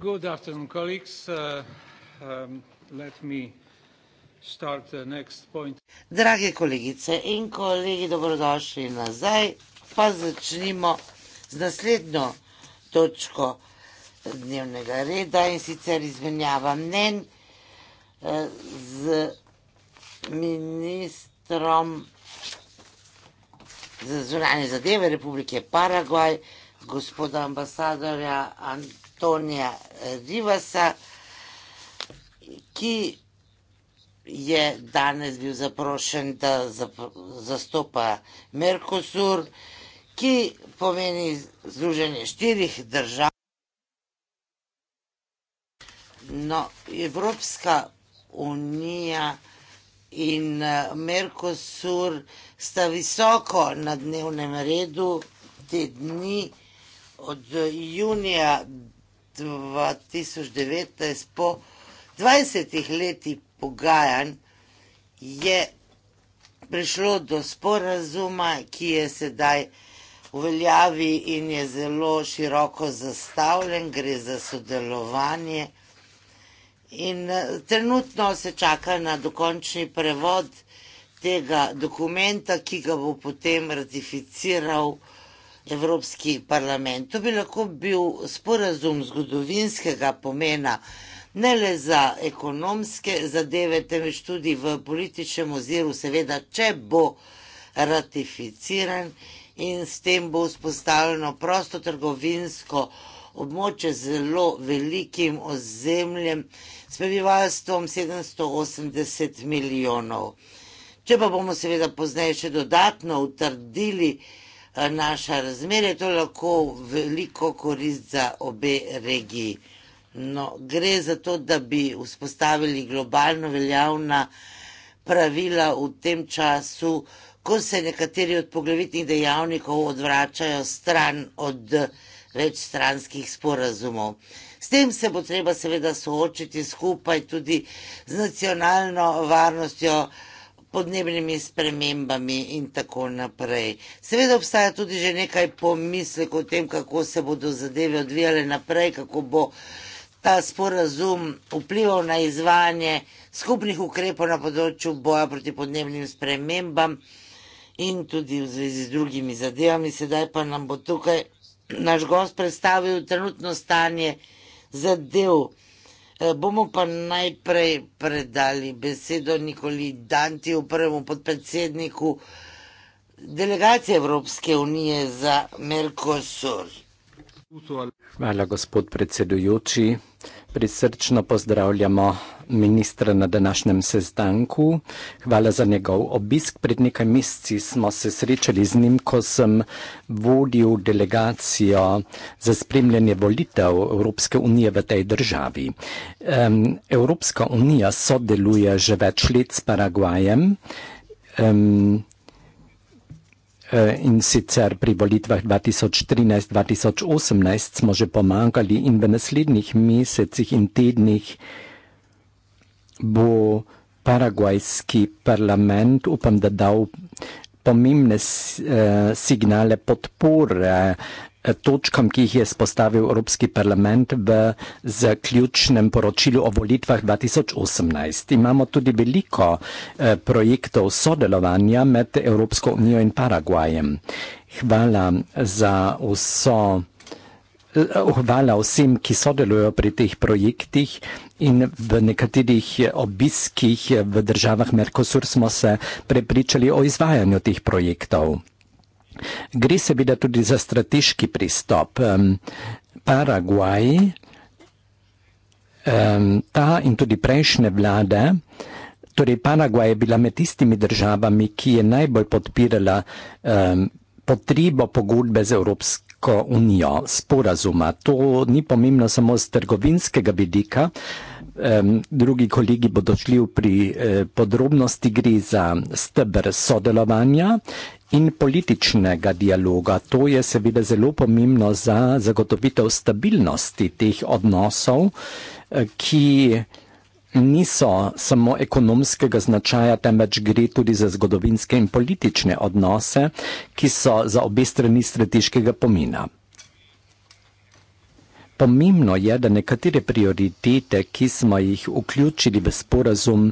Good afternoon, colleagues. Uh, um, Drage kolegice in kolegi, dobrodošli nazaj. Pa začnimo z naslednjo točko dnevnega reda in sicer izmenjava mnen eh, z ministrom za zunanje zadeve Republike Paragvaj, gospoda ambasadorja Antonija Tonija Rivasa, ki je danes bil zaprošen, da zastopa Mercosur, ki pomeni združenje štirih držav. No, Evropska unija in Mercosur sta visoko na dnevnem redu te dni od junija 2019, po 20 letih pogajanj, je prišlo do sporazuma, ki je sedaj v veljavi in je zelo široko zastavljen, gre za sodelovanje. In trenutno se čaka na dokončni prevod tega dokumenta, ki ga bo potem ratificiral. Evropski parlament. To bi lahko bil sporazum zgodovinskega pomena, ne le za ekonomske zadeve, temveč tudi v političnem oziru, seveda, če bo ratificiran in s tem bo vzpostavljeno prosto trgovinsko območje z zelo velikim ozemljem, s prebivalstvom 780 milijonov. Če pa bomo seveda pozneje še dodatno utrdili, Eh, naša razmerja, to lahko veliko korist za obe regiji. No, gre za to, da bi vzpostavili globalno veljavna pravila v tem času, ko se nekateri od poglavitnih dejavnikov odvračajo stran od več stranskih sporazumov. S tem se bo treba seveda soočiti skupaj tudi z nacionalno varnostjo, podnebnimi spremembami in tako naprej. Seveda obstaja tudi že nekaj pomislek o tem, kako se bodo zadeve odvijale naprej, kako bo ta sporazum vplival na izvanje skupnih ukrepov na področju boja proti podnebnim spremembam in tudi v zvezi z drugimi zadevami. Sedaj pa nam bo tukaj naš gost predstavil trenutno stanje zadev. Eh, bomo pa najprej predali besedo Nikoli Danti, upremu podpredsedniku delegacije Evropske unije za Mercosur. Hvala, gospod predsedujoči. Prisrčno pozdravljamo ministra na današnjem sestanku. Hvala za njegov obisk. Pred nekaj meseci smo se srečali z njim, ko sem vodil delegacijo za spremljanje volitev Evropske unije v tej državi. Um, Evropska unija sodeluje že več let s Paragvajem. Um, Eh, in sicer pri volitvah 2013-2018 smo že pomagali in v naslednjih mesecih in tednih bo paragvajski parlament, upam, da dal pomembne eh, signale podpore Eh, točkam, ki jih je spostavil Evropski parlament v zaključnem poročilu o volitvah 2018. Imamo tudi veliko eh, projektov sodelovanja med Evropsko unijo in Paragvajem. Hvala za vso. Eh, oh, hvala vsem, ki sodelujo pri teh projektih in v nekaterih obiskih v državah Merkosur smo se prepričali o izvajanju teh projektov. Gre seveda tudi za strateški pristop. Paraguaj, ta in tudi prejšnje vlade, torej Paraguaj je bila med tistimi državami, ki je najbolj podpirala potrebo pogodbe z Evropsko. Unijo, sporazuma. To ni pomembno samo z trgovinskega vidika, um, drugi kolegi bodo šli v pri eh, podrobnosti, gre za stebr sodelovanja in političnega dialoga. To je seveda zelo pomembno za zagotovitev stabilnosti teh odnosov, eh, ki niso samo ekonomskega značaja, temveč gre tudi za zgodovinske in politične odnose, ki so za obe strani strateškega pomena. Pomembno je, da nekatere prioritete, ki smo jih vključili v sporazum,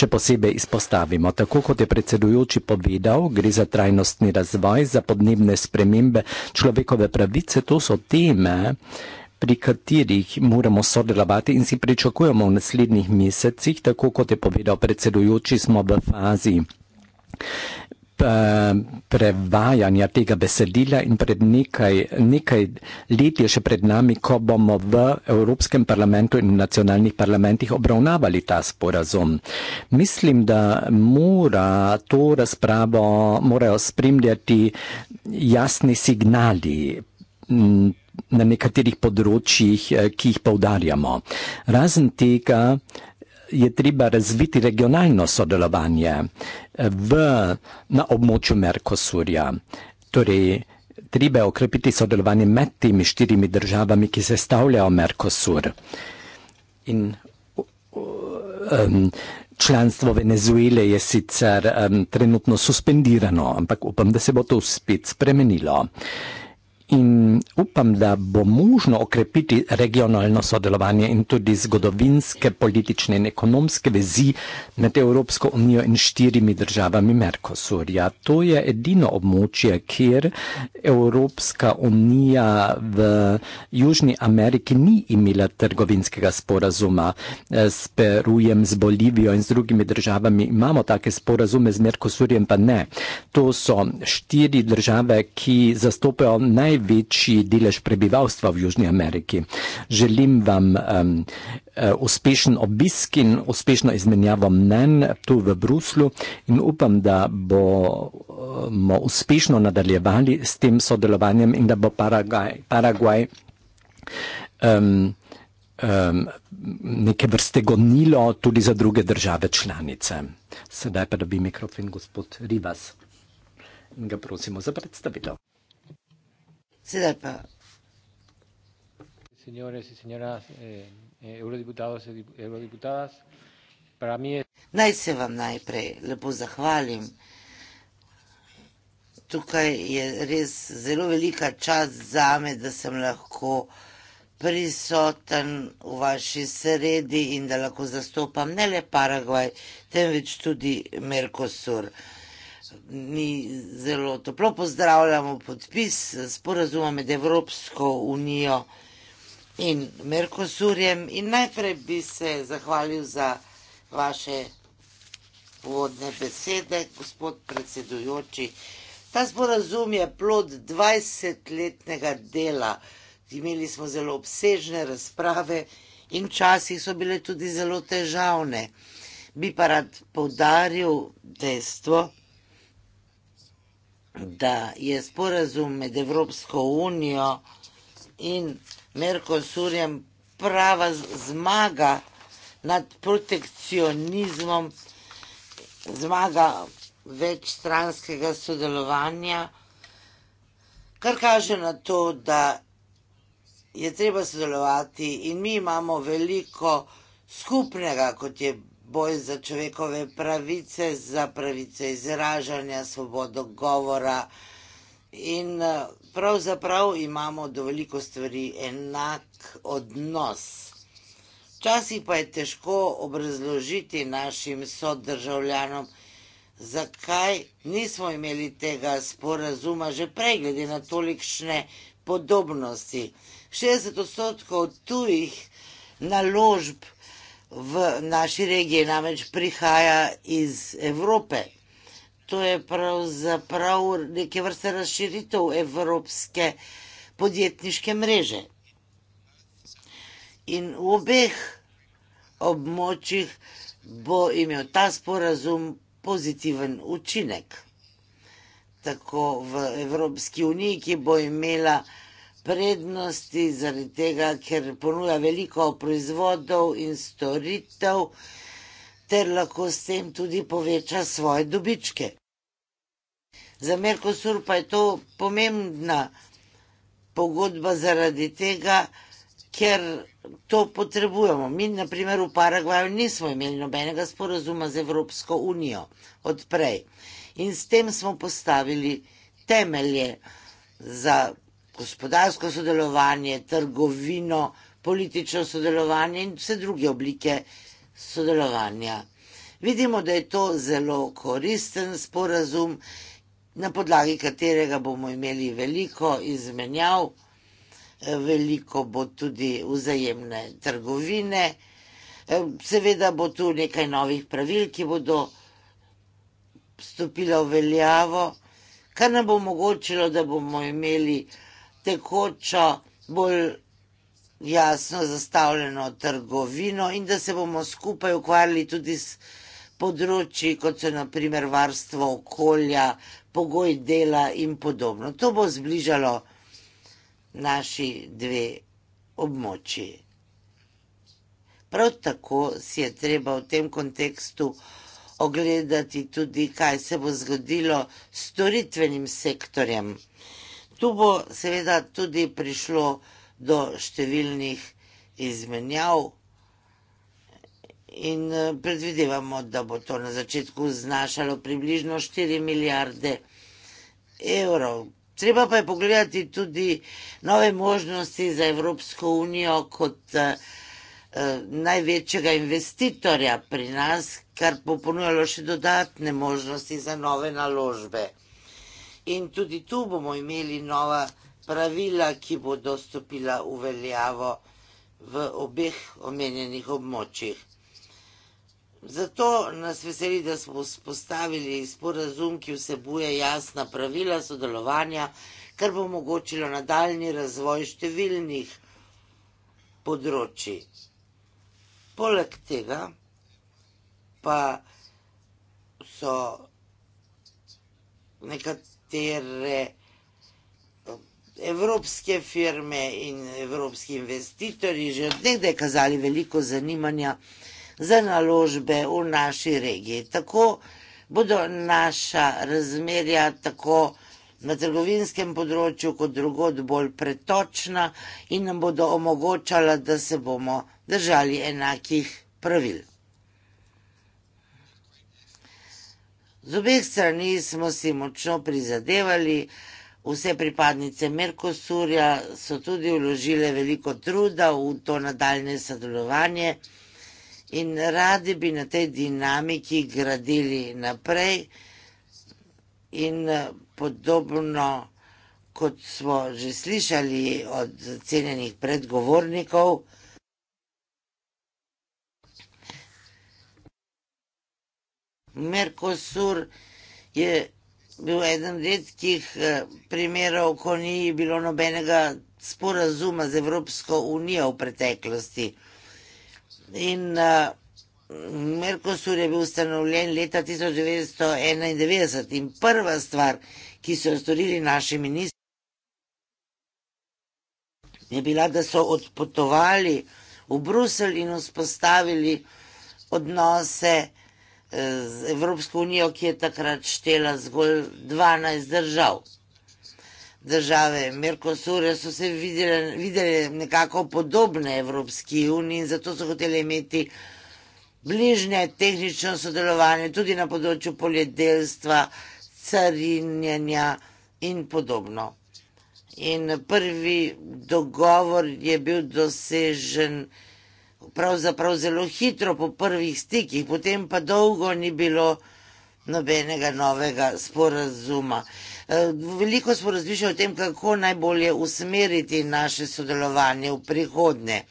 še posebej izpostavimo. Tako kot je predsedujoči povedal, gre za trajnostni razvoj, za podnebne spremembe, človekove pravice, to so teme, pri katerih moramo sodelovati in si pričakujemo v naslednjih mesecih, tako kot je povedal predsedujoči, smo v fazi Eh, prevajanja tega besedila in pred nekaj, nekaj let je še pred nami, ko bomo v Evropskem parlamentu in nacionalnih parlamentih obravnavali ta sporazum. Mislim, da mora to razpravo, morajo spremljati jasni signali na nekaterih področjih, eh, ki jih povdarjamo. Razen tega, je treba razviti regionalno sodelovanje eh, v, na območju Merkosurja. Torej, treba je okrepiti sodelovanje med temi štirimi državami, ki se stavljajo Merkosur. In um, članstvo Venezuele je sicer um, trenutno suspendirano, ampak upam, da se bo to spet spremenilo. In upam, da bo možno okrepiti regionalno sodelovanje in tudi zgodovinske, politične in ekonomske vezi med Evropsko unijo in štirimi državami Merkosurja. To je edino območje, kjer Evropska unija v Južni Ameriki ni imela trgovinskega sporazuma eh, s Perujem, z Bolivijo in z drugimi državami. Imamo take sporazume z Merkosurjem, pa ne. To so štiri države, ki zastopajo največje največji delež prebivalstva v Južni Ameriki. Želim vam um, uspešen obisk in uspešno izmenjavo mnen tu v Bruslu in upam, da bomo uspešno nadaljevali s tem sodelovanjem in da bo Paragaj, Paragvaj um, um, neke vrste gonilo tudi za druge države članice. Sedaj pa dobi mikrofon gospod Rivas. Ga prosimo za predstavitev. Sedaj pa. Eh, eh, Naj se vam najprej lepo zahvalim. Tukaj je res zelo velika čast za me, da sem lahko prisoten v vaši sredi in da lahko zastopam ne le Paragvaj, temveč tudi Merkosur mi zelo toplo pozdravljamo podpis sporazuma med Evropsko unijo in Merkosurjem. In najprej bi se zahvalil za vaše uvodne besede, gospod predsedujoči. Ta sporazum je plod 20-letnega dela. Imeli smo zelo obsežne razprave in včasih so bile tudi zelo težavne. Bi pa rad poudaril dejstvo, da je sporazum med Evropsko unijo in Merkosurjem prava zmaga nad protekcionizmom, zmaga večstranskega sodelovanja, kar kaže na to, da je treba sodelovati in mi imamo veliko skupnega, kot je boj za človekove pravice, za pravice izražanja, svobodo govora. In eh, pravzaprav imamo do veliko stvari enak odnos. Včasih pa je težko obrazložiti našim sodržavljanom, zakaj nismo imeli tega sporazuma že prej, glede na tolikšne podobnosti. 60 odstotkov tujih naložb v naši regiji namreč prihaja iz Evrope. To je pravzaprav neke vrste razširitev evropske podjetniške mreže. In v obeh območjih bo imel ta sporazum pozitiven učinek. Tako v Evropski uniji, ki bo imela prednosti, zaradi tega, ker ponuja veliko proizvodov in storitev, ter lahko s tem tudi poveča svoje dobičke. Za Merkosur pa je to pomembna pogodba zaradi tega, ker to potrebujemo. Mi, na primer, v Paragvaju nismo imeli nobenega sporazuma z Evropsko unijo odprej. In s tem smo postavili temelje za gospodarsko sodelovanje, trgovino, politično sodelovanje in vse druge oblike sodelovanja. Vidimo, da je to zelo koristen sporazum, na podlagi katerega bomo imeli veliko izmenjav, eh, veliko bo tudi vzajemne trgovine, eh, seveda bo tu nekaj novih pravil, ki bodo stopila v veljavo, kar nam bo omogočilo, da bomo imeli tekočo, bolj jasno zastavljeno trgovino in da se bomo skupaj ukvarjali tudi s področji, kot so naprimer varstvo okolja, pogoj dela in podobno. To bo zbližalo naši dve območji. Prav tako si je treba v tem kontekstu ogledati tudi, kaj se bo zgodilo s storitvenim sektorjem. Tu bo seveda tudi prišlo do številnih izmenjav in eh, predvidevamo, da bo to na začetku znašalo približno 4 milijarde evrov. Treba pa je pogledati tudi nove možnosti za Evropsko unijo kot eh, eh, največjega investitorja pri nas, kar bo ponujalo še dodatne možnosti za nove naložbe in tudi tu bomo imeli nova pravila, ki bodo stopila v veljavo v obeh omenjenih območjih. Zato nas veseli, da smo spostavili sporazum, ki vsebuje jasna pravila sodelovanja, kar bo omogočilo nadaljni razvoj številnih področji. Poleg tega pa so nekatere nekatere evropske firme in evropski investitorji že od nekdaj kazali veliko zanimanja za naložbe v naši regiji. Tako bodo naša razmerja tako na trgovinskem področju kot drugod bolj pretočna in nam bodo omogočala, da se bomo držali enakih pravil. Z obeh strani smo si močno prizadevali, vse pripadnice Merkosurja so tudi vložile veliko truda v to nadaljne sodelovanje in radi bi na tej dinamiki gradili naprej in podobno kot smo že slišali od cenjenih predgovornikov, Merkosur je bil eden redkih eh, primerov, ko ni bilo nobenega sporazuma z Evropsko unijo v preteklosti. In eh, Merkosur je bil ustanovljen leta 1991 in prva stvar, ki so jo storili naši ministri, je bila, da so odpotovali v Bruselj in vzpostavili odnose s z Evropsko unijo, ki je takrat štela zgolj 12 držav. Države Merkosure so se videle, videle nekako podobne Evropski uniji in zato so hoteli imeti bližnje tehnično sodelovanje tudi na področju poljedelstva, carinjenja in podobno. In prvi dogovor je bil dosežen pravzaprav zelo hitro po prvih stikih, potem pa dolgo ni bilo nobenega novega sporazuma. E, veliko smo razmišljali o tem, kako najbolje usmeriti naše sodelovanje v prihodnje.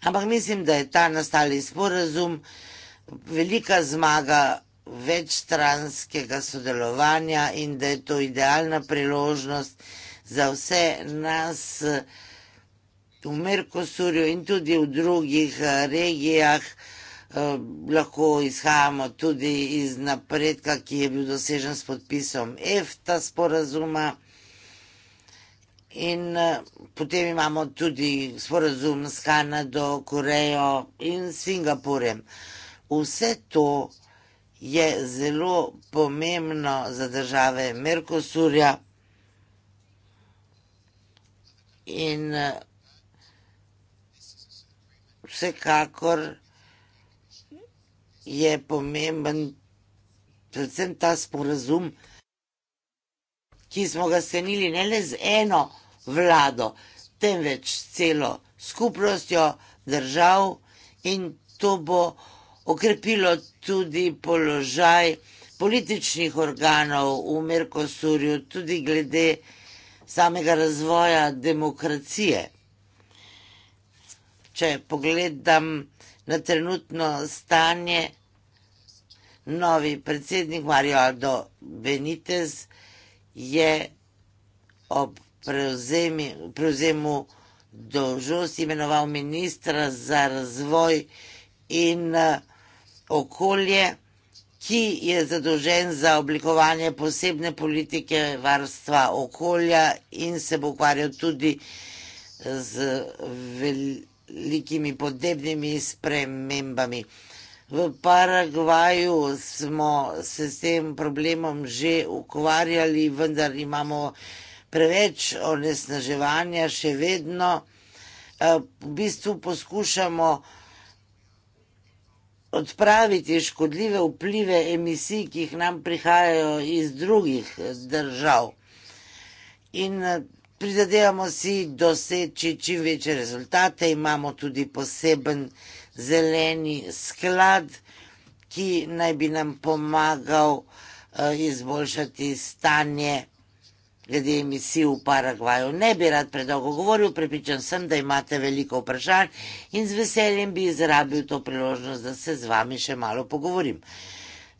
Ampak mislim, da je ta nastali sporazum velika zmaga večstranskega sodelovanja in da je to idealna priložnost za vse nas v Merkosurju in tudi v drugih eh, regijah. Eh, lahko izhajamo tudi iz napredka, ki je bil dosežen s podpisom EFTA sporazuma. In eh, potem imamo tudi sporazum s Kanado, Korejo in Singapurem. Vse to je zelo pomembno za države Merkosurja in vsekakor je pomemben predvsem ta sporazum, ki smo ga senili ne le z eno vlado, temveč celo skupnostjo držav in to bo okrepilo tudi položaj političnih organov v Merkosurju, tudi glede samega razvoja demokracije če pogledam na trenutno stanje, novi predsednik Mario Aldo Benitez je ob prevzemi, prevzemu dožnost imenoval ministra za razvoj in eh, okolje, ki je zadolžen za oblikovanje posebne politike varstva okolja in se bo ukvarjal tudi z veliko velikimi podnebnimi spremembami. V Paragvaju smo se s tem problemom že ukvarjali, vendar imamo preveč onesnaževanja še vedno. Eh, v bistvu poskušamo odpraviti škodljive vplive emisij, ki jih nam prihajajo iz drugih držav. In eh, prizadevamo si doseči čim večje rezultate, imamo tudi poseben zeleni sklad, ki naj bi nam pomagal eh, izboljšati stanje glede emisij v Paragvaju. Ne bi rad predolgo govoril, prepričan sem, da imate veliko vprašanj in z veseljem bi izrabil to priložnost, da se z vami še malo pogovorim.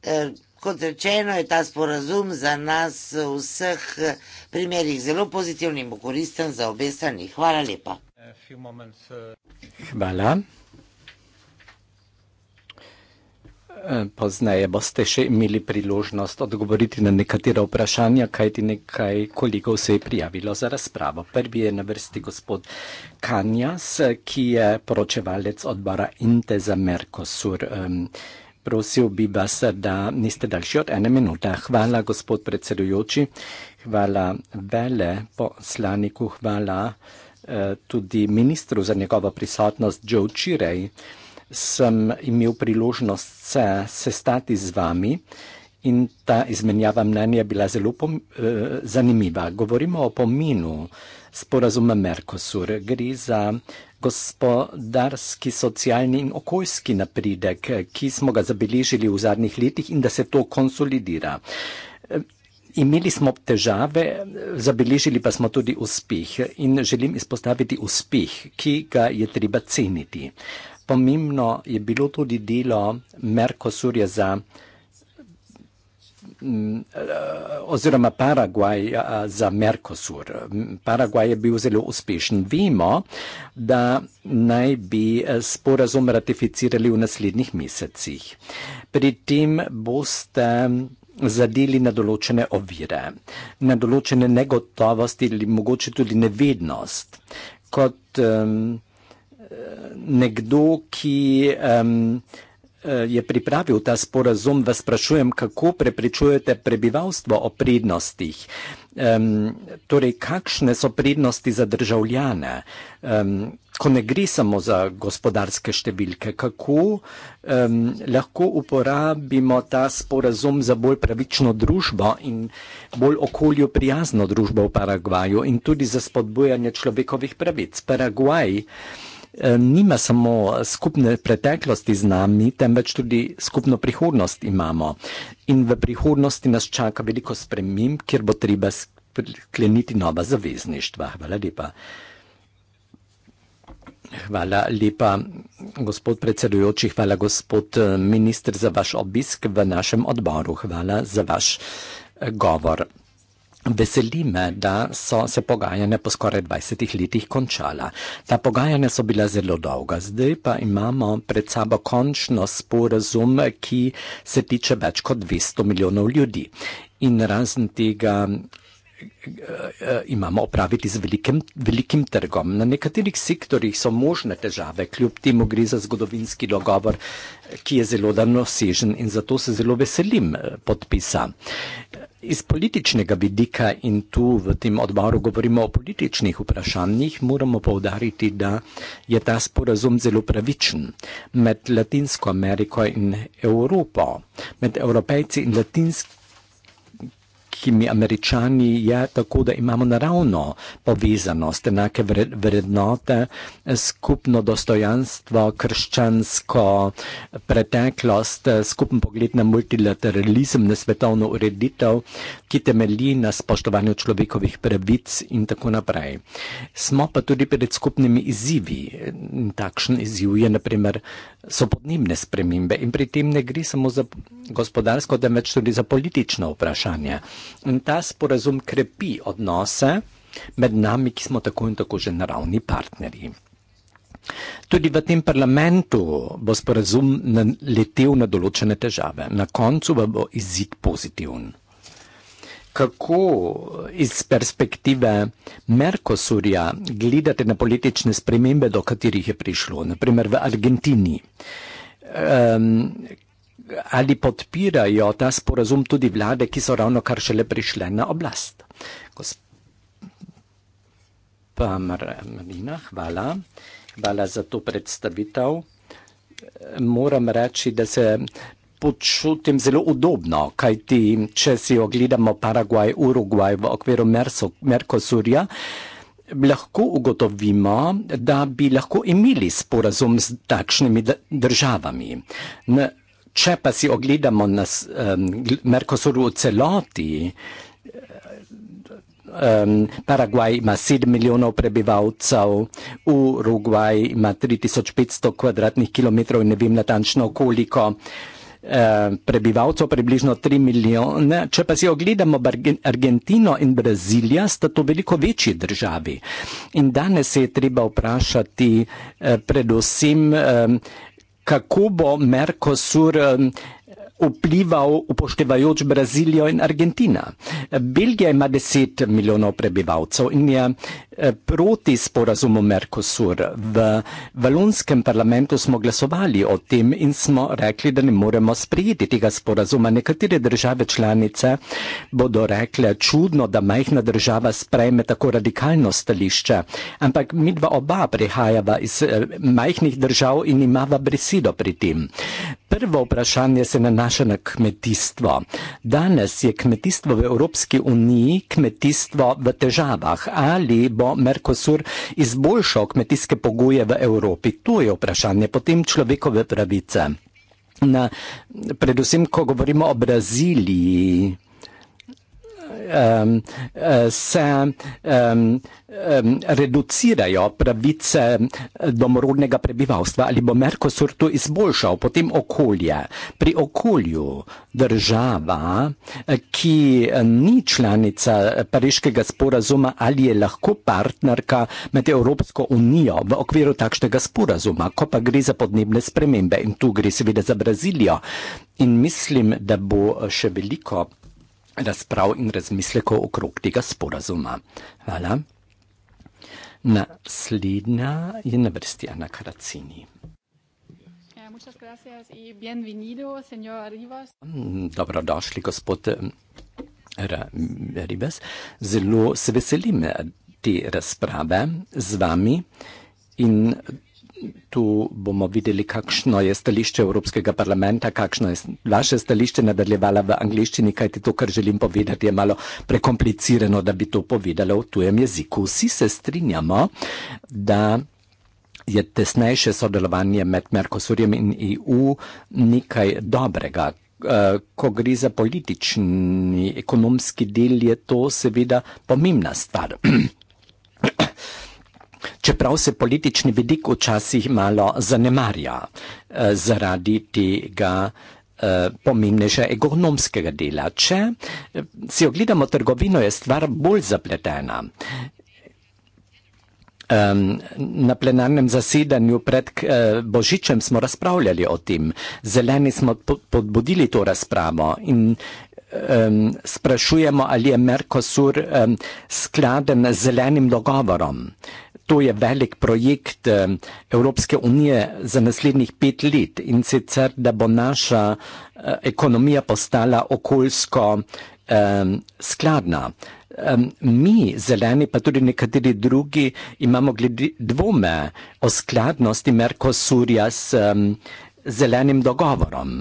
Eh, Kot rečeno, je ta sporazum za nas v vseh eh, primerjih zelo pozitiven in bo koristen za obe strani. Hvala lepa. Hvala. Eh, Poznaje boste še imeli priložnost odgovoriti na nekatera vprašanja, kajti nekaj kolegov se je prijavilo za razpravo. Prvi je na vrsti gospod Kanjas, ki je poročevalec odbora Inte za Mercosur. Um, prosil bi vas, da niste daljši od ene minute. Hvala, gospod predsedujoči, hvala vele poslaniku, hvala eh, tudi ministru za njegovo prisotnost. Že včeraj sem imel priložnost se sestati z vami in ta izmenjava mnenja bila zelo pom, eh, zanimiva. Govorimo o pominu sporazuma Mercosur. Gre za gospodarski, socialni in okoljski napredek, ki smo ga zabeležili v zadnjih letih in da se to konsolidira. Imeli smo težave, zabeležili pa smo tudi uspeh in želim izpostaviti uspeh, ki ga je treba ceniti. Pomembno je bilo tudi delo Merkosurja za. Mm, eh, oziroma Paragvaj eh, za Mercosur. Mm, Paragvaj je bil zelo uspešen. Vemo, da naj bi eh, sporazum ratificirali v naslednjih mesecih. Pri tem boste mm, zadeli na določene ovire, na določene negotovosti ali mogoče tudi nevednost. Kot um, nekdo, ki um, Eh, je pripravil ta sporazum, vas sprašujem, kako prepričujete prebivalstvo o prednostih. Um, torej, kakšne so prednosti za državljane, um, ko ne gre samo za gospodarske številke, kako um, lahko uporabimo ta sporazum za bolj pravično družbo in bolj okolju prijazno družbo v Paragvaju in tudi za spodbujanje človekovih pravic. Paragvaj um, Eh, nima samo skupne preteklosti z nami, temveč tudi skupno prihodnost imamo. In v prihodnosti nas čaka veliko sprememb, kjer bo treba skleniti nova zavezništva. Hvala lepa. Hvala lepa, gospod predsedujoči, hvala gospod eh, minister za vaš obisk v našem odboru. Hvala za vaš eh, govor. Veseli me, da so se pogajanja po skoraj 20 letih končala. Ta pogajanja so bila zelo dolga, zdaj pa imamo pred sabo končno sporazum, ki se tiče več kot 200 milijonov ljudi. In razen tega eh, eh, imamo opraviti z velikim, velikim trgom. Na nekaterih sektorjih so možne težave, kljub temu gre za zgodovinski dogovor, ki je zelo danosežen in zato se zelo veselim eh, podpisa. Iz političnega vidika in tu v tem odboru govorimo o političnih vprašanjih, moramo povdariti, da je ta sporazum zelo pravičen med Latinsko Ameriko in Evropo, med evropejci in latinskimi velikimi američani je tako, da imamo naravno povezanost, enake vrednote, skupno dostojanstvo, krščansko preteklost, skupen pogled na multilateralizem, na svetovno ureditev, ki temelji na spoštovanju človekovih pravic in tako naprej. Smo pa tudi pred skupnimi izzivi. Takšen izziv je naprimer so podnebne spremembe in pri tem ne gre samo za gospodarsko, temveč tudi za politično vprašanje. In ta sporazum krepi odnose med nami, ki smo tako in tako že naravni partnerji. Tudi v tem parlamentu bo sporazum naletel na določene težave, na koncu pa bo izid pozitiven. Kako iz perspektive Merkosurja gledate na politične spremembe, do katerih je prišlo, naprimer v Argentini? Ehm, ali podpirajo ta sporazum tudi vlade, ki so ravno kar šele prišle na oblast. Gospa Marina, hvala. Hvala za to predstavitev. Moram reči, da se počutim zelo udobno, kajti če si ogledamo Paraguaj, Urugvaj v okviru Merkosurja, lahko ugotovimo, da bi lahko imeli sporazum z takšnimi državami če pa si ogledamo nas, um, Merkosur v celoti, um, Paragvaj ima 7 milijonov prebivalcev, Urugvaj ima 3500 kvadratnih kilometrov in ne vem natančno koliko prebivalcev približno 3 milijone. Če pa si ogledamo Argentino in Brazilija, sta to veliko večji državi. In danes se je treba vprašati eh, predvsem, kako bo Merkosur vplival upoštevajoč Brazilijo in Argentina. Belgija ima 10 milijonov prebivalcev in je eh, proti sporazumu Mercosur. V valonskem parlamentu smo glasovali o tem in smo rekli, da ne moremo sprejeti tega sporazuma. Nekatere države članice bodo rekle, čudno, da majhna država sprejme tako radikalno stališče. Ampak mi dva oba prihajava iz eh, majhnih držav in imava brisido pri tem. Prvo vprašanje se nanaša na kmetijstvo. Danes je kmetijstvo v Evropski uniji kmetijstvo v težavah. Ali bo Merkosur izboljšal kmetijske pogoje v Evropi? To je vprašanje. Potem človekove pravice. Na, predvsem, ko govorimo o Braziliji, um, eh, se um, um, reducirajo pravice eh, domorodnega prebivalstva ali bo Merkosur to izboljšal, potem okolje. Pri okolju država, eh, ki ni članica Pariškega sporazuma ali je lahko partnerka med Evropsko unijo v okviru takšnega sporazuma, ko pa gre za podnebne spremembe in tu gre seveda za Brazilijo. In mislim, da bo še veliko razprav in razmislekov okrog tega sporazuma. Hvala. Naslednja je na vrsti Ana Karacini. Ja, mm, dobrodošli, gospod eh, Ribes. Zelo se veselim eh, te razprave z vami in Tu bomo videli, kakšno je stališče Evropskega parlamenta, kakšno je vaše stališče nadaljevala v angliščini, kajti to, kar želim povedati, je malo prekomplicirano, da bi to povedala v tujem jeziku. Vsi se strinjamo, da je tesnejše sodelovanje med Merkosurjem in EU nekaj dobrega. Eh, ko gre za politični, ekonomski del, je to seveda pomembna stvar. čeprav se politični vidik včasih malo zanemarja eh, zaradi tega eh, pomembnejša ekonomskega dela. Če eh, si ogledamo trgovino, je stvar bolj zapletena. Na plenarnem zasedanju pred eh, Božičem smo razpravljali o tem, zeleni smo podbudili to razpravo in sprašujemo, ali je Mercosur skladen z zelenim dogovorom to je velik projekt Evropske unije za naslednjih pet let in sicer, da bo naša eh, ekonomija postala okoljsko skladna. Mi, zeleni, pa tudi nekateri drugi, imamo glede dvome o skladnosti Merkosurja s zelenim dogovorom,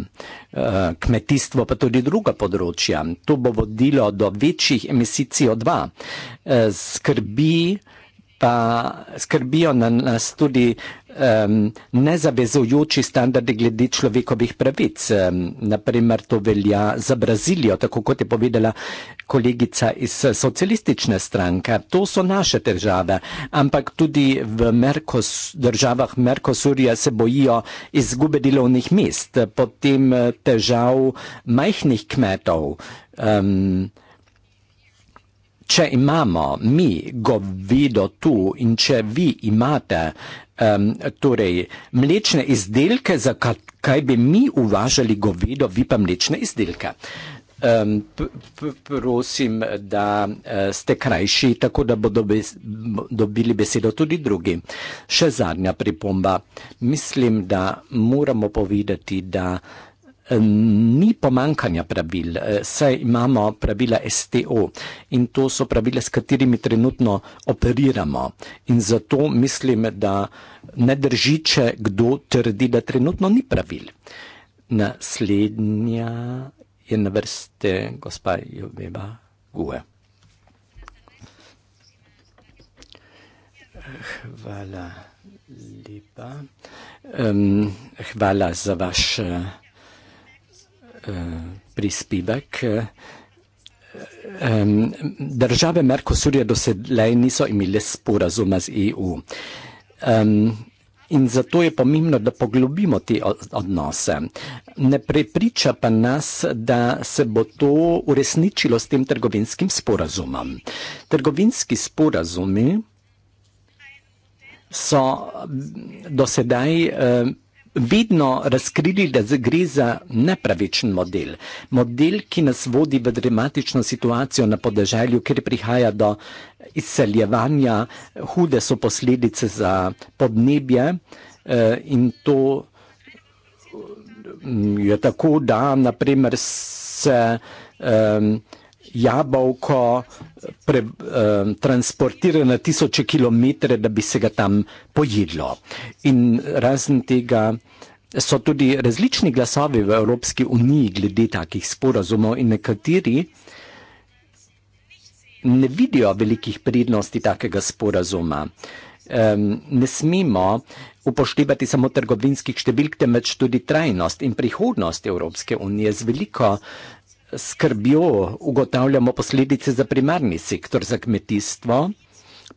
eh, kmetijstvo pa tudi druga področja. To bo vodilo do večjih emisicij O2. Eh, skrbi pa skrbijo na nas tudi um, nezavezujoči standardi glede človekovih pravic. Um, naprimer, to velja za Brazilijo, tako kot je povedala kolegica iz socialistične stranke. To so naše države, ampak tudi v Merkos, državah Merkosurja se bojijo izgube delovnih mest, potem eh, težav majhnih kmetov. Um, Če imamo mi govido tu in če vi imate um, torej, mlečne izdelke, zakaj bi mi uvažali govido, vi pa mlečne izdelke? Um, prosim, da uh, ste krajši, tako da bodo dobili besedo tudi drugi. Še zadnja pripomba. Mislim, da moramo povedati, da ni pomankanja pravil, eh, saj imamo pravila STO in to so pravila, s katerimi trenutno operiramo. In zato mislim, da ne drži, če kdo trdi, da trenutno ni pravil. Naslednja je na vrste gospa Joveba Gue. Hvala lepa. Um, hvala za vaš. Uh, prispevek. Države Merkosurja dosedaj niso imele sporazuma z EU. In zato je pomembno, da poglobimo te odnose. Ne prepriča pa nas, da se bo to uresničilo s tem trgovinskim sporazumom. Trgovinski sporazumi so dosedaj vedno razkrili, da gre za nepravičen model. Model, ki nas vodi v dramatično situacijo na podeželju, kjer prihaja do izseljevanja, hude so posledice za podnebje eh, in to mm, je tako, da naprimer se um, jabolko pre, eh, transportira na tisoče kilometrov, da bi se ga tam pojedlo. In razen tega so tudi različni glasovi v Evropski uniji glede takih sporazumov in nekateri ne vidijo velikih prednosti takega sporazuma. Um, ne smemo upoštevati samo trgovinskih številk, temveč tudi trajnost in prihodnost Evropske unije z veliko uh, skrbjo ugotavljamo posledice za primarni sektor, za kmetijstvo,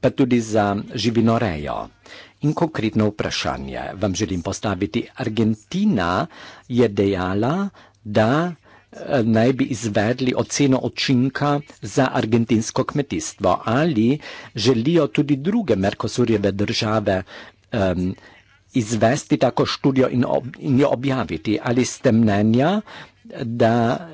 pa tudi za živinorejo. In konkretno vprašanje vam želim postaviti. Argentina je dejala, da eh, naj bi izvedli oceno očinka za argentinsko kmetijstvo. Ali želijo tudi druge Merkosurjeve države um, izvesti tako študijo in, ob, in jo objaviti? Ali ste mnenja, da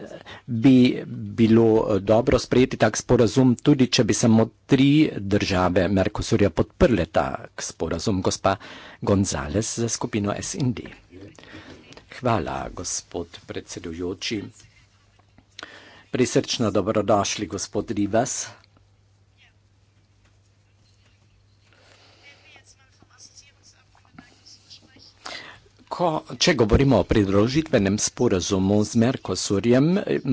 bi bilo eh, dobro sprejeti tak sporazum, tudi če bi samo tri države Merkosurja podprle tak sporazum, gospa Gonzales za skupino SND. Hvala, gospod predsedujoči. Prisrčno dobrodošli, gospod Rivas. ko, če govorimo o pridružitvenem sporazumu z Merkosurjem,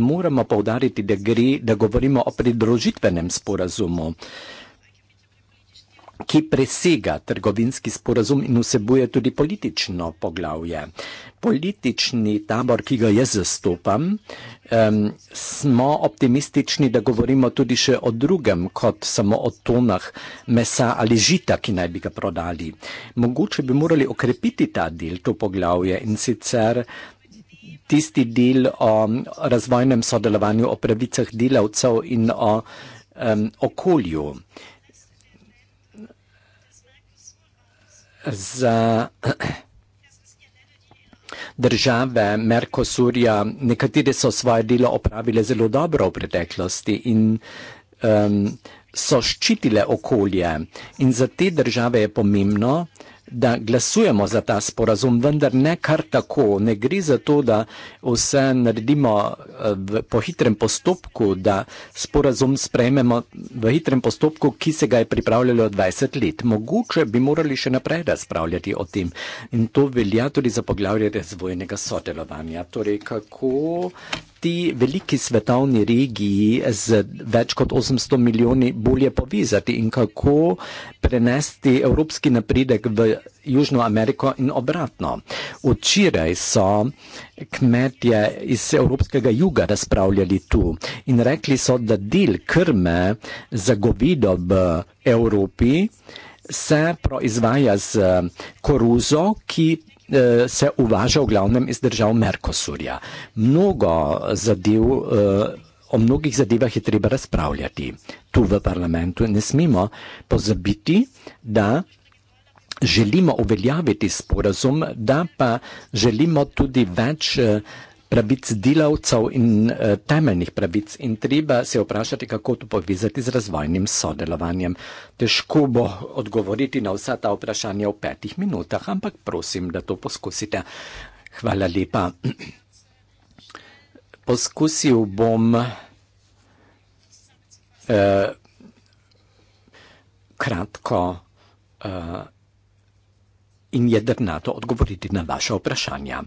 moramo povdariti, da, gre, da govorimo o pridružitvenem sporazumu ki presega trgovinski sporazum in vsebuje tudi politično poglavje. Politični tabor, ki ga jaz zastopam, um, smo optimistični, da govorimo tudi še o drugem, kot samo o tonah mesa ali žita, ki naj bi ga prodali. Mogoče bi morali okrepiti ta del, to poglavje in sicer tisti del o razvojnem sodelovanju, o pravicah delavcev in o um, okolju. za države Merkosurja, nekatere so svoje delo opravile zelo dobro v preteklosti in um, so ščitile okolje. In za te države je pomembno, da glasujemo za ta sporazum, vendar ne kar tako. Ne gre za to, da vse naredimo eh, v, po hitrem postopku, da sporazum sprejmemo v hitrem postopku, ki se ga je pripravljalo 20 let. Mogoče bi morali še naprej razpravljati o tem. In to velja tudi za poglavje razvojnega sodelovanja. Torej, kako ti veliki svetovni regiji z več kot 800 milijoni bolje povezati in kako prenesti evropski napredek v Južno Ameriko in obratno. Včeraj so kmetje iz Evropskega juga razpravljali tu in rekli so, da del krme za govido v Evropi se proizvaja z eh, koruzo, ki eh, se uvaža v glavnem iz držav Merkosurja. Mnogo zadev, eh, o mnogih zadevah je treba razpravljati tu v parlamentu in ne smemo pozabiti, da želimo uveljaviti sporazum, da pa želimo tudi več eh, pravic delavcev in eh, temeljnih pravic in treba se vprašati, kako to povezati z razvojnim sodelovanjem. Težko bo odgovoriti na vsa ta vprašanja v petih minutah, ampak prosim, da to poskusite. Hvala lepa. Poskusil bom eh, kratko eh, in jedrnato odgovoriti na vaše vprašanja.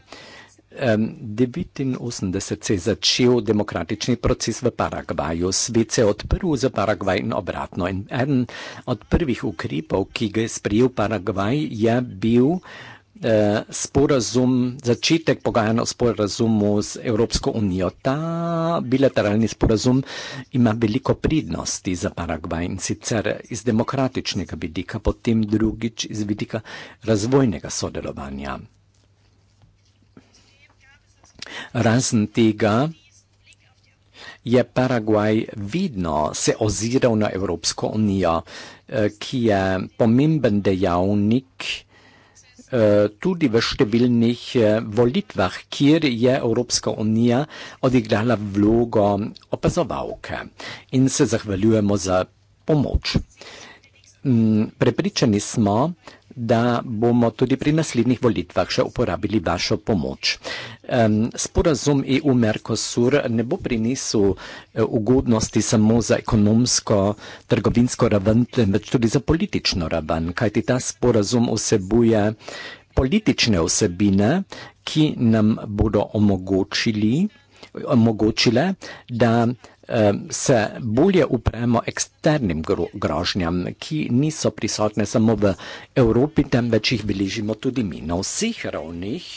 1989 se je začel demokratični proces v Paragvaju. Svet se je odprl za Paragvaj in obratno. In eden od prvih ukrepov, ki ga je sprijel Paragvaj, je bil Eh, sporazum, začetek pogajanja o sporazumu z Evropsko unijo. Ta bilateralni sporazum ima veliko pridnosti za Paragvaj in sicer iz demokratičnega vidika, potem drugič iz vidika razvojnega sodelovanja. Razen tega je Paragvaj vidno se oziral na Evropsko unijo, eh, ki je pomemben dejavnik, ki je pomemben dejavnik, Eh, tudi v številnih eh, volitvah, kjer je Evropska unija odigrala vlogo opazovalke in se zahvaljujemo za pomoč. Mm, prepričani smo, da bomo tudi pri naslednjih volitvah še uporabili vašo pomoč. Sporazum EU-Mercosur ne bo prinesel eh, ugodnosti samo za ekonomsko, trgovinsko raven, temveč tudi za politično raven, kajti ta sporazum vsebuje politične osebine, ki nam bodo omogočili, omogočile, da se bolje upremo eksternim grožnjam, ki niso prisotne samo v Evropi, temveč jih beležimo tudi mi na vseh ravnih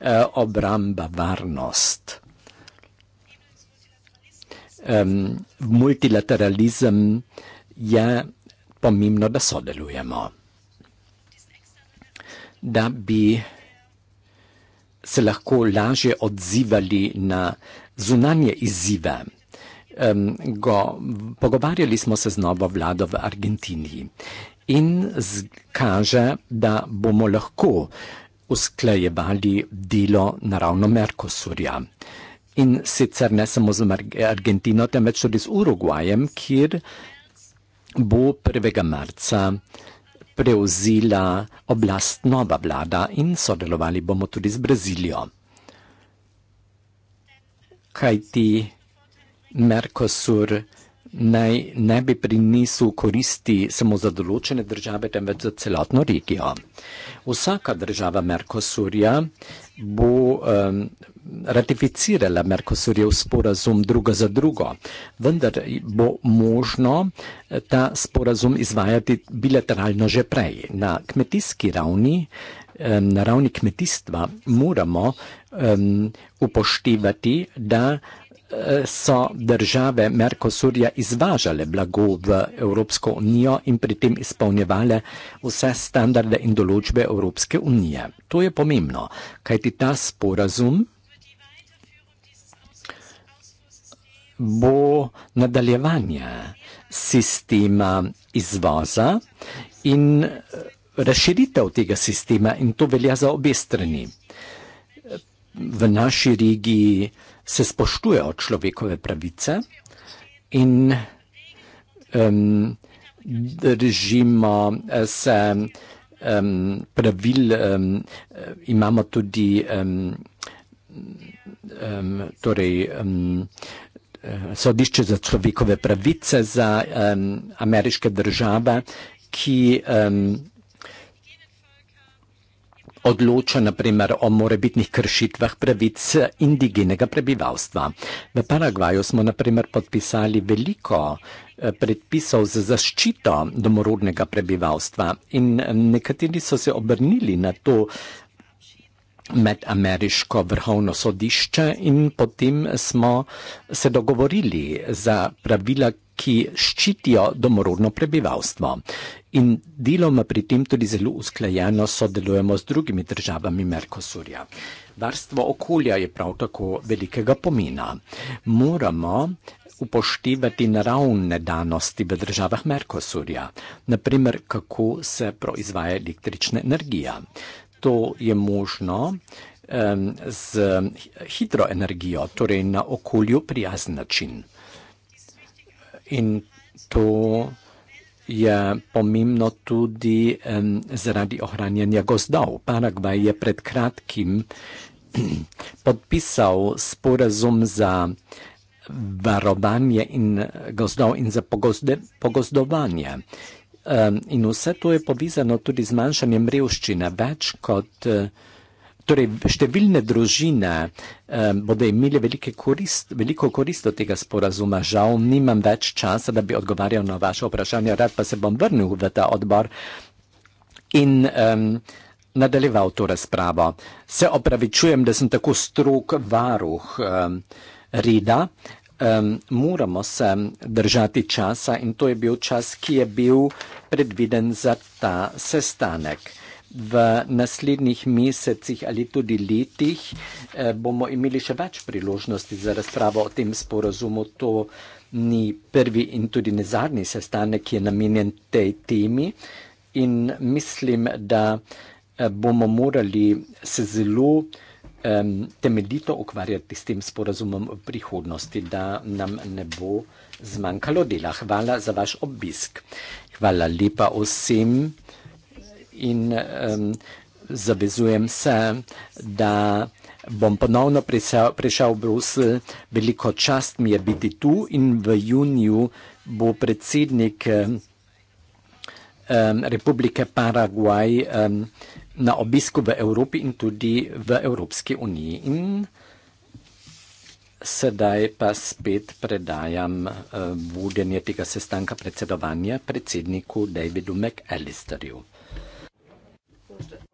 e, obramba varnost. Multilateralizem je pomembno, da sodelujemo, da bi se lahko lažje odzivali na zunanje izzive um, go, pogovarjali smo se z novo vlado v Argentiniji in kaže, da bomo lahko usklajevali delo naravno Merkosurja. In sicer ne samo z Argentino, temveč tudi z Urugvajem, kjer bo 1. marca prevzela oblast nova vlada in sodelovali bomo tudi z Brazilijo. Kaj ti Mercosur naj ne bi prinesel koristi samo za določene države, temveč za celotno regijo. Vsaka država Mercosurja bo um, ratificirala Mercosurjev sporazum druga za drugo, vendar bo možno eh, ta sporazum izvajati bilateralno že prej. Na kmetijski ravni, um, na ravni kmetijstva, moramo um, upoštevati, da so države Merkosurja izvažale blago v Evropsko unijo in pri tem izpolnjevale vse standarde in določbe Evropske unije. To je pomembno, kajti ta sporazum bo nadaljevanje sistema izvoza in eh, razširitev tega sistema in to velja za obe strani v naši regiji se spoštujejo človekove pravice in um, držimo eh, se um, pravil, um, imamo tudi um, um, torej, um, sodišče za človekove pravice za um, ameriške države, ki um, odloča naprimer o morebitnih kršitvah pravic indigenega prebivalstva. V Paragvaju smo naprimer podpisali veliko eh, predpisov za zaščito domorodnega prebivalstva in nekateri so se obrnili na to, med ameriško vrhovno sodišče in potem smo se dogovorili za pravila, ki ščitijo domorodno prebivalstvo. In deloma pri tem tudi zelo usklajeno sodelujemo z drugimi državami Merkosurja. Varstvo okolja je prav tako velikega pomena. Moramo upoštevati naravne danosti v državah Merkosurja, naprimer kako se proizvaja električna energija to je možno um, z hidroenergijo, torej na okolju prijazen način. In to je pomembno tudi um, zaradi ohranjanja gozdov. Paragvaj je pred kratkim podpisal sporazum za varovanje in gozdov in za pogozde, pogozdovanje in vse to je povezano tudi z manjšanjem revščine. Več kot eh, torej številne družine bodo imeli korist, veliko korist od tega sporazuma. Žal nimam več časa, da bi odgovarjal na vaše vprašanje, rad pa se bom vrnil v ta odbor in um, nadaljeval to razpravo. Se opravičujem, da sem tako strok varuh um, reda um, moramo se držati časa in to je bil čas, ki je bil predviden za ta sestanek. V naslednjih mesecih ali tudi letih eh, bomo imeli še več priložnosti za razpravo o tem sporozumu. To ni prvi in tudi ne zadnji sestanek, ki je namenjen tej temi in mislim, da eh, bomo morali se zelo eh, um, temeljito ukvarjati s tem sporazumom v prihodnosti, da nam ne bo zmanjkalo dela. Hvala za vaš obisk. Hvala lepa vsem in um, zavezujem se, da bom ponovno prišel v Brusel. Veliko čast mi je biti tu in v juniju bo predsednik um, Republike Paraguaj. Um, na obisku v Evropi in tudi v Evropski uniji. In sedaj pa spet predajam eh, vodenje tega sestanka predsedovanja predsedniku Davidu McAllisterju. Pošte.